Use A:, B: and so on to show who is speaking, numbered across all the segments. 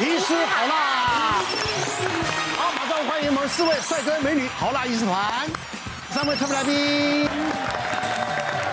A: 醫師好辣，
B: 好，馬上歡迎我們四位帥哥美女好辣醫師團，三位特別來賓。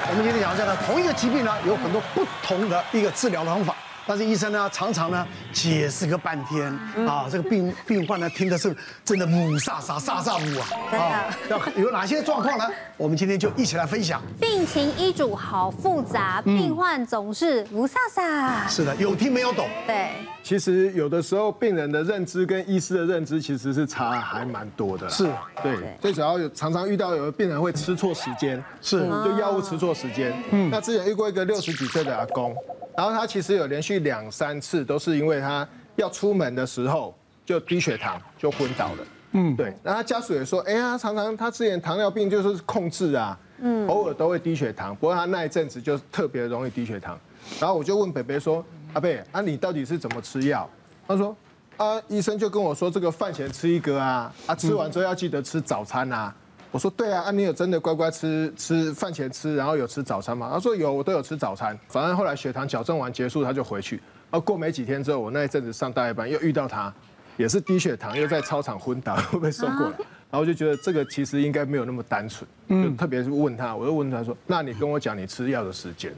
B: 我們今天講一下呢，同一個疾病呢，有很多不同的一個治療的方法。但是醫生呢，常常呢解釋個半天啊，這個病病患呢聽的是真的霧煞煞煞煞霧啊，真的啊要有哪些狀況呢？我們今天就一起來分享。
C: 病情醫囑好複雜，病患總是霧煞煞。是的，有聽沒有懂。對，對。
A: 其實有的時候病人的認知跟醫師的認知其實是差還蠻多的。是。對，對。最主要有常常遇到有的病人會吃錯時間，是就藥物吃錯時間。嗯，嗯。那之前遇過一個六十幾歲的阿公。然後他其實有連續兩三次都是因為他要出門的時候就低血糖就昏倒了。嗯，對。然後他家屬也說，哎呀，常常他之前糖尿病就是控制啊，嗯，偶爾都會低血糖，不過他那一陣子就特別容易低血糖。然後我就問北北說，阿北啊，你到底是怎麼吃藥？他說，啊，醫生就跟我說這個飯前吃一個啊，啊，吃完之後要記得吃早餐啊。我說，對啊，啊，你有真的乖乖吃，吃飯前吃，然後有吃早餐嗎？他說有，我都有吃早餐。反正後來血糖矯正完結束，他就回去。然後過沒幾天之後，我那一陣子上大夜班又遇到他，也是低血糖，又在操場昏倒被送過來。Okay. 然後我就覺得這個其實應該沒有那麼單純。嗯。就特別是問他，我就問他說，那你跟我講你吃藥的時間。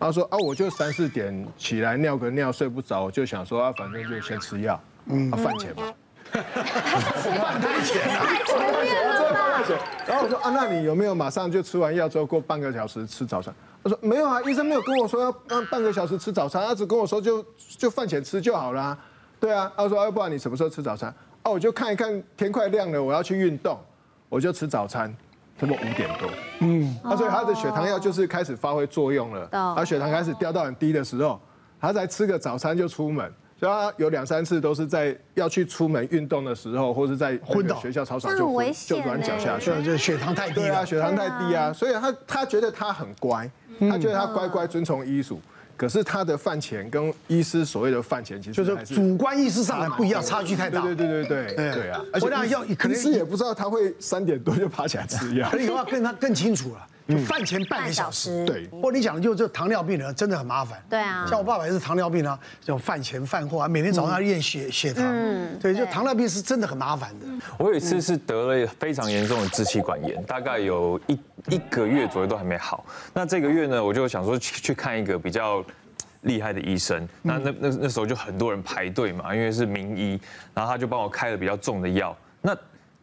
A: 他說啊，我就三四點起來尿個尿，睡不着，我就想說啊，反正就先吃藥，嗯，啊、飯前
B: 嘛。飯 前、啊。
A: 對，然後我說啊，那你有沒有馬上就吃完藥之後過半個小時吃早餐？他說沒有啊，醫生沒有跟我說要半個小時吃早餐，他只跟我說就就飯前吃就好啦、啊。對啊，他說要、啊、不然你什麼時候吃早餐？哦，我就看一看天快亮了，我要去運動，我就吃早餐，差不多五點多，嗯，他所以他的血糖藥就是開始發揮作用了，他血糖開始掉到很低的時候，他才吃個早餐就出門。所以，他有兩三次都是在要去出門運動的時候，或是在昏倒學校操場就就軟腳下去，啊，血糖太低了，血糖太低啊。所以，他他覺得他很乖，他，他，他覺得他乖乖遵從醫囑。可是，他的飯前跟醫師所謂的飯前，其實就是主觀意識上不一樣，差距太大。對對對對對對啊！而且要可能是也不知道他
B: 會三點多就爬起來吃藥。可以的話跟他更清楚了。就飯前半個小時，對。不過你講的就就糖尿病呢，真的很麻煩。對啊，像我爸爸也是糖尿病啊，就飯前飯後啊，每天早上要驗血血糖。嗯，對，就糖尿病是真的很麻煩的。
D: 我有一次是得了非常嚴重的支氣管炎，大概有一一個月左右都還沒好。那這個月呢，我就想說去去看一個比較厲害的醫生。那那那那時候就很多人排隊嘛，因為是名醫，然後他就幫我開了比較重的藥。那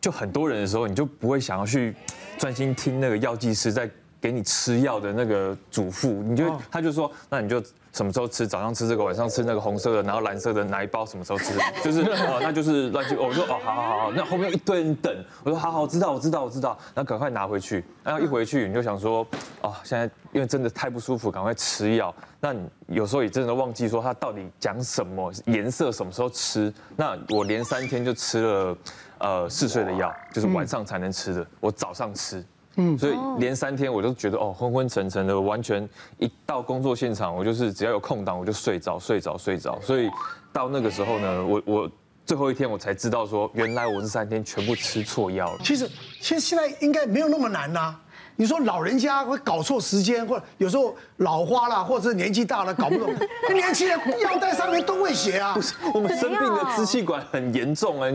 D: 就很多人的時候，你就不會想要去專心聽那個藥劑師在。給你吃藥的那個囑咐，你就他就說，那你就什麼時候吃？早上吃這個，晚上吃那個紅色的，然後藍色的拿一包什麼時候吃？就是那就是亂七八糟。我說哦，好好好，那後面一堆人等。我說好好，我知道，我知道，我知道，那趕快拿回去。然後一回去，你就想說，哦，現在因為真的太不舒服，趕快吃藥。那你有時候也真的忘記說他到底講什麼顏色，什麼時候吃。那我連三天就吃了，呃，嗜睡的藥，就是晚上才能吃的，我早上吃。嗯，所以連三天我都覺得哦，昏昏沉沉的，完全一到工作現場，我就是只要有空檔我就睡着，睡着，睡着。所以到那個時候呢，我我最後一天我才知道說，原來我這三天全部吃錯藥了。
B: 其實，其實現在應該沒有那麼難啊。你說老人家會搞錯時間，或者有時候老花了，或者是年紀大了搞不懂。 年輕人藥袋上面都會寫啊，不是
D: 我們生病的支氣管很嚴重啊，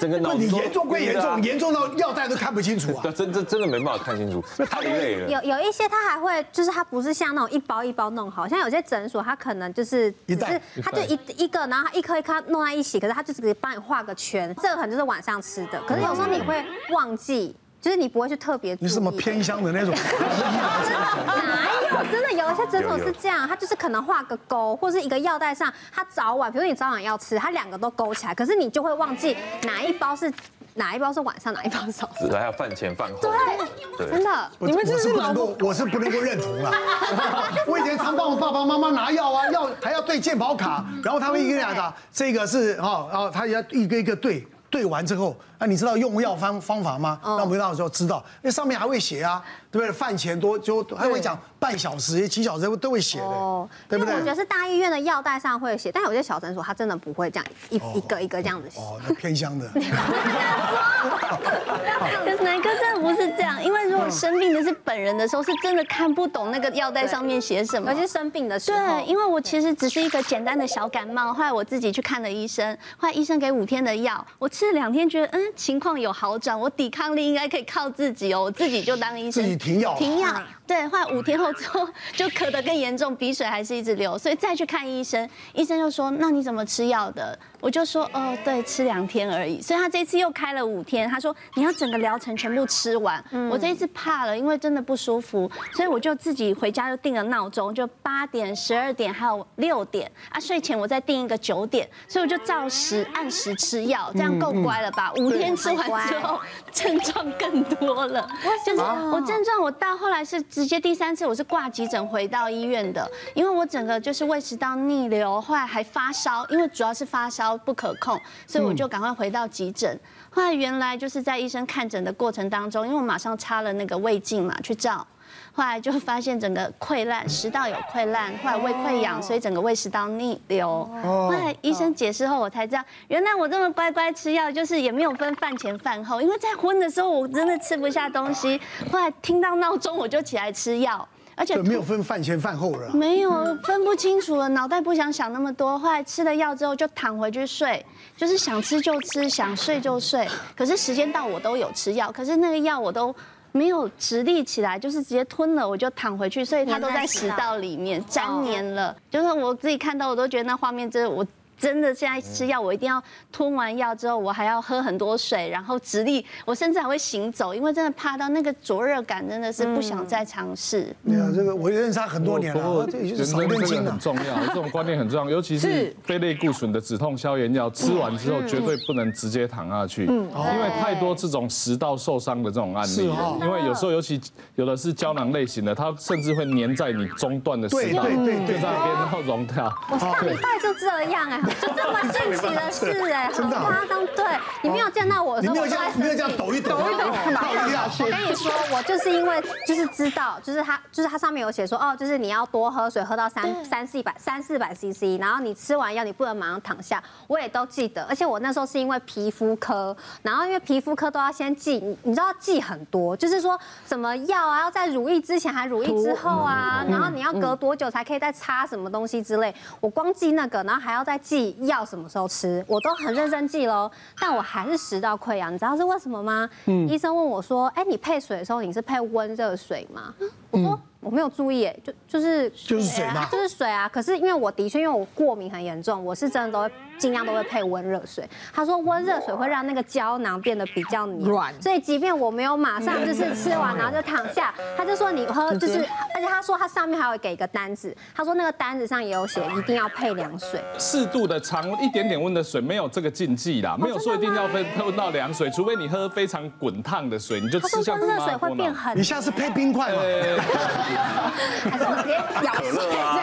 D: 整個腦子，啊、嚴重歸嚴重，啊、嚴重到藥袋都看不清楚啊，真真真的沒辦法看清楚。太累了，有
C: 有一些他還會就是，他不是像那種一包一包弄好，像有些診所他可能就是，就
D: 是他就一
C: 一個，然後他一顆一顆弄在一起，可是他就只幫你畫個圈，這個可能就是晚上吃的，可是有時候你會忘記。就是你不會去特別注意、欸、你什麼偏
B: 鄉的那種？ 哪有？真的有一些診所是
C: 這樣，他就是可能畫個勾，或是一個藥袋上，他早晚，比如你早晚要吃，他兩個都勾起來，可是你就會忘記哪一包是哪一包是晚上，哪一包是早
D: 上。還有飯前飯後。
C: 對。對，真的。你們我、就是不能
D: 夠，我是不能夠認同
E: 了
B: 我以前常幫我爸爸媽媽拿藥啊，藥還要對健保卡，然後他們一個倆個，這個是哦，然後他也要一個一個對。對完之後，那你知道用藥方方法嗎？那我們那時候知道，那上面還會寫啊，對不對？飯前多就還會講半小時，幾小時都會寫
C: 的。哦，對不對？我覺得是大醫院的藥袋上會寫，但有些小診所他真的不會這樣一、哦、一個一個這樣子寫。
B: 哦，哦那偏鄉的。你
E: 是說 可是乃哥真的不是這樣，因為如果生病的是本人的時候，是真的看不懂那個藥袋上面寫什麼。而且生病的時候，對，因為我其實只是一個簡單的小感冒，後來我自己去看了醫生，後來醫生給五天的藥，我。吃了兩天覺得嗯情況有好轉，我抵抗力，應該可以靠自己哦，我自己就當醫生，自己停藥停藥，對，後來五天後之後就咳得更嚴重，鼻水還是一直流，所以再去看醫生，醫生就說，那你怎麼吃藥的？我就說哦，對，吃兩天而已。所以他這一次又開了五天。他說你要整個療程全部吃完。嗯。我這一次怕了，因為真的不舒服，所以我就自己回家就定了鬧鐘，就八點、十二點還有六點啊，睡前我再定一個九點。所以我就照時按時吃藥，這樣夠乖了吧？嗯嗯。五天吃完之後，嗯，症狀更多了。就是我症狀，我到後來是直接第三次我是掛急診回到醫院的，因為我整個就是胃食道逆流，後來還發燒，因為主要是發燒。不可控，所以我就趕快回到急診。嗯、後來原來就是在醫生看診的過程當中，因為我馬上插了那個胃鏡嘛，去照，後來就發現整個潰爛，食道有潰爛，後來胃潰瘍，所以整個胃食道逆流。哦、後來醫生解釋後，我才知道，原來我這麼乖乖吃藥，就是也沒有分飯前飯後，因為在昏的時候我真的吃不下東西，後來聽到鬧鐘我就起來吃藥。而且沒有分
B: 飯前飯後了，
E: 沒有分不清楚了，腦袋不想想那麼多。後來吃了藥之後就躺回去睡，就是想吃就吃，想睡就睡。可是時間到我都有吃藥，可是那個藥我都沒有直立起來，就是直接吞了，我就躺回去，所以它都在食道裡面沾黏了。就是我自己看到我都覺得那畫面真的我。真的現在吃藥，我一定要吞完藥之後，我還要喝很多水，然後直立，我甚至還會行走，因為真的怕到那個灼熱感，真的是不想再嘗試。沒有這
B: 個，我認識他很多年了。能冷靜很
F: 重要， 這種觀念很重要，尤其是非類固醇的止痛消炎藥，吃完之後絕對不能直接躺下去，嗯、因為太多這種食道受傷的這種案例。因為有時候尤其有的是膠囊類型的，它甚至會粘在你中段的食道，對對對對，對，然後融掉。我上禮拜
C: 就這樣哎、啊。就這麼神奇的事哎、欸，好誇張！對,、啊、對你沒有見到我的時候，你沒有見，沒有這樣抖一抖，抖一抖，倒 下去。我跟你說，我就是因為就是知道，就是他就是他上面有寫說哦，就是你要多喝水，喝到三三四百三四百 CC，然後你吃完藥你不能馬上躺下。我也都記得，而且我那時候是因為皮膚科，然後因為皮膚科都要先記，你知道要記很多，就是說什麼藥啊，要在乳液之前還乳液之後啊、嗯，然後你要隔多久才可以再擦什麼東西之類。嗯嗯、我光記那個，然後還要再記。要什麼時候吃，我都很認真記嘍。但我還是食道潰瘍，你知道是為什麼嗎？嗯、醫生問我說：“哎、欸，你配水的時候你是配溫熱水嗎？”我說。嗯我沒有注意，就就是就是水啊、欸、就是水啊。可是因為我的確，因為我過敏很嚴重，我是真的都會儘量都會配溫熱水。他說溫熱水會讓那個膠囊變得比較黏軟，所以即便我沒有馬上就是吃完然後就躺下，他就說你喝就是，而且他說他上面還會給一個單子，他說那個單子上也有寫一定要配涼水。
F: 適度的常溫一點點溫的水沒有這個禁忌啦，沒有說一定要非碰到涼水、哦，除非你喝非常滾燙的水，你就吃下去，他說溫熱水會
C: 變很黏、欸、嗎？你下次配冰塊。還是別講了，這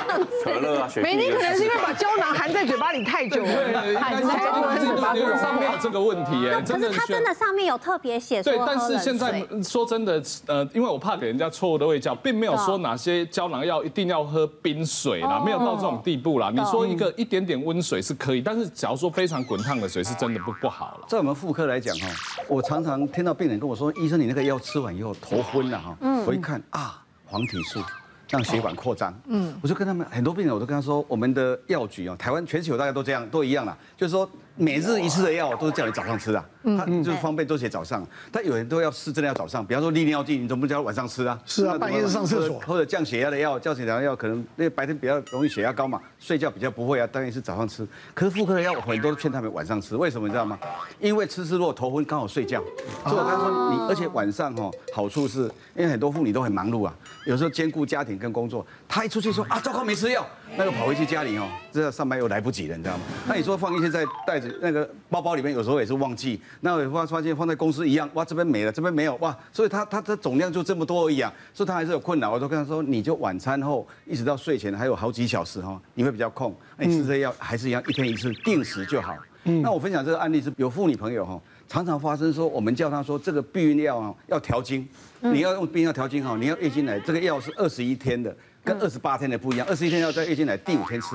C: 樣子。美玲可能、啊啊啊、是因為把膠囊含在嘴巴裡太久了，含在嘴巴裡。上
F: 面這個問題耶，真的是。它真
C: 的上面有特別寫。對，但是現在
F: 說真的，呃，因為我怕給人家錯誤的衛教並沒有說哪些膠囊要一定要喝冰水啦，沒有到這種地步啦。你說一個一點點溫水是可以，但是假如說非常滾燙的水，是真的不不好了。在我們婦科來講哈，
G: 我常常聽到病人跟我說，醫生你那個藥吃完以後頭昏了哈，我一看啊。黃體素讓血管擴張，嗯，我就跟他們很多病人，我都跟他說，我們的藥局啊，台灣全球大家都這樣，都一樣啦，就是說。每日一次的藥，都是叫你早上吃啊，他就是方便都寫早上。但有人都要是真的要早上，比方說利尿劑，你怎麼不叫他晚上吃啊？是啊，半夜上廁所或者降血壓的藥，降血壓的藥可能那白天比較容易血壓高嘛，睡覺比較不會啊，當然是早上吃。可是婦科的藥很多都勸他們晚上吃，為什麼你知道嗎？因為吃吃落頭昏剛好睡覺。所以我剛說你，而且晚上哈好處是因為很多婦女都很忙碌啊，有時候兼顧家庭跟工作，她一出去說啊糟糕沒吃藥。那個跑回去家裡哦，這上班又來不及了，你知道嗎、嗯？那你說放一些在袋子、那個包包裡面，有時候也是忘記。那我發發現放在公司一樣，哇，這邊沒了，這邊沒有，哇，所以它它它總量就這麼多而已、啊，所以他還是有困難。我就跟他說，你就晚餐後一直到睡前還有好幾小時哈，你會比較空。你吃這藥還是一樣一天一次定時就好、嗯。那我分享這個案例是有婦女朋友哈，常常發生說，我們叫她說這個避孕藥啊要調經、嗯，你要用避孕藥調經哈，你要月經來，這個藥是二十一天的。跟二十八天的不一樣，二十一天要在月經來第五天吃，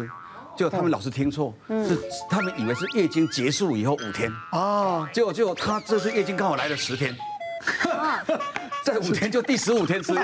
G: 結果他們老是聽錯，是他們以為是月經結束以後五天啊，結果結果他這次月經剛好來了十天，在五天就第十五天吃藥，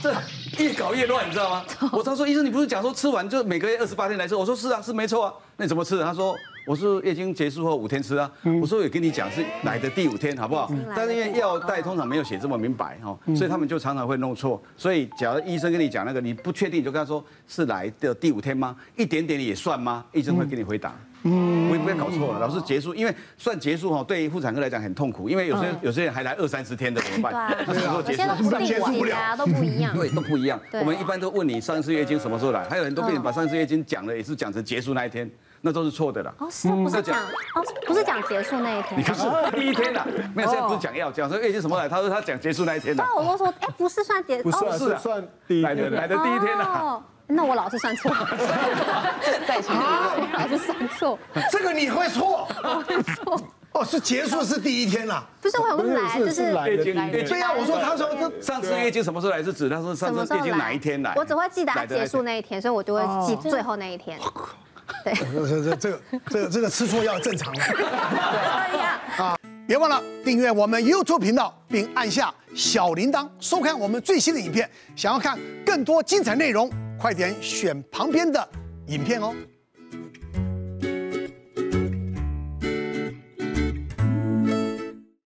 G: 這越搞越亂，你知道嗎？我當時說，醫生，你不是講說吃完就每個月二十八天來吃？我說是啊，是沒錯啊，那你怎麼吃的？他說。我是月經結束後五天吃啊，我說有跟你講是來的第五天，好不好？但是因為藥袋通常沒有寫這麼明白哦，所以他們就常常會弄錯。所以假如醫生跟你講那個，你不確定你就跟他說是來的第五天嗎？一點點也算嗎？醫生會給你回答，也不要搞錯了，老是結束，因為算結束哦，對於婦產科來講很痛苦，因為有些有些人還來二三十天的怎麼辦？對啊，現在結
B: 束不了，都
G: 不一樣，對，都不一樣。一樣我們一般都問你上一次月經什麼時候來，還有很多病人把上次月經講了，也是講成結束那一天。那都是錯的了哦，oh, 是，不是講
C: 哦，oh, 不是講結束那一天、啊。你看，是第一天的、啊、沒有，現在
G: 不是講要講說月經什麼來他說他講結束那一天的、啊。那我
C: 都說，哎、欸，不是算結，oh, 不是，是、啊、算第一天來，的來的第一天的、啊、哦、oh, 那我老是算錯， 是 oh, 我老是算錯，這個你會錯，我會
G: 錯。哦、oh,，是結束是第一天啦、
C: 啊。不是我還沒來，就是
G: 月經對呀、啊。我說他說他上次月經什麼時候來一次？他說上次月經哪一天來，來？我只
C: 會記得他結束那一天，所以我就會記最後那一天。Oh,
G: 對，這這個、這這個這個這個吃錯
B: 藥正常了 啊！別忘了訂閱我們 YouTube 頻道，並按下小鈴鐺收看我們最新的影片。想要看更多精彩內容，快點選旁邊的影片哦。